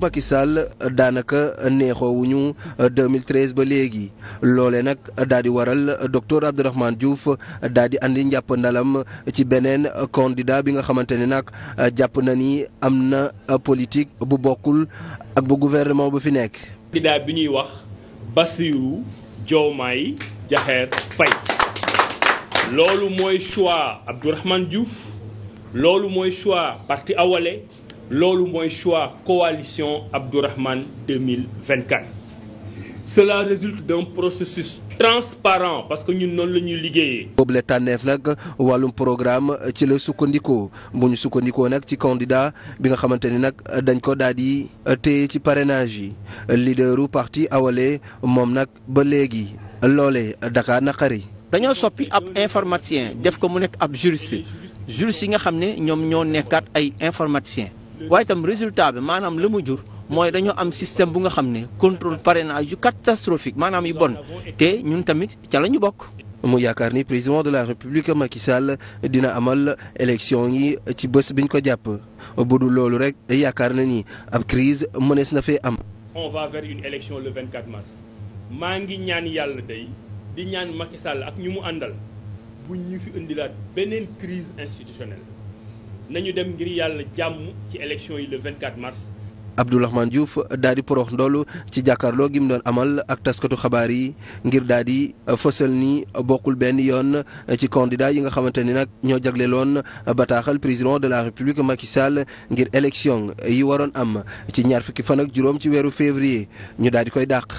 Macky Sall daanaka neexoowuñu 2013 ba léegi loole nag daal di waral docteur Abdourahmane Diouf daal di andi njàpp ndalam ci beneen candidat bi nga xamante ne nag jàpp na ni am na politique bu bokkul ak bu gouvernement bu fi nekk. candidat bi ñuy wax Bassirou Diomaye Diakhar Faye loolu loolu mooy choix coalition Abdourahmane 2024 cela résulte d'un processus transparent parce que ñun noonu la ñuy liggéeyee. boobu tànneef nag wàllum programme ci la sukkandikoo bu ñu sukkandikoo nag ci candidat bi nga xamante ni nag dañ ko daal di téye ci parrainage yi leaderu parti awale moom nag ba léegi loole Dakar naqari. dañoo soppi ab informaticien def ko mu nekk ab juriste juriste yi nga xam ne ñoom ñoo nekkaat ay informaticien waaye itam résultat bi maanaam la mu jur mooy dañoo am système bu nga xam ne contrôle parrainage yu catastrophique maanaam yu bon te ñun tamit ca la ñu bokk. mu yaakaar ni président de la république Macky Sall dina amal élection yi ci bés biñ ko jàpp bu dul loolu rek yaakaar na nii ab crise mënees na fee am. on va vers une élection le 24 mars maa ngi ñaan yàlla day di ñaan Macky ak ñu mu àndal bu ñu fi indilaat beneen crise nañu dem ngir yàlla jàmm ci élection yi le 24 mars. Abdourahmane Diouf daal di porox ndoll ci jàkkaarloo gi mu doon amal ak taskatu xabaar yi ngir daal di fësal ni bokkul benn yoon ci candidat yi nga xamante ni nag ñoo jagleeloon bataaxal président de la république Macky Sall ngir élection yi waroon am ci ñaar fukki fan ak juróom ci weeru février ñu daal di koy dàq.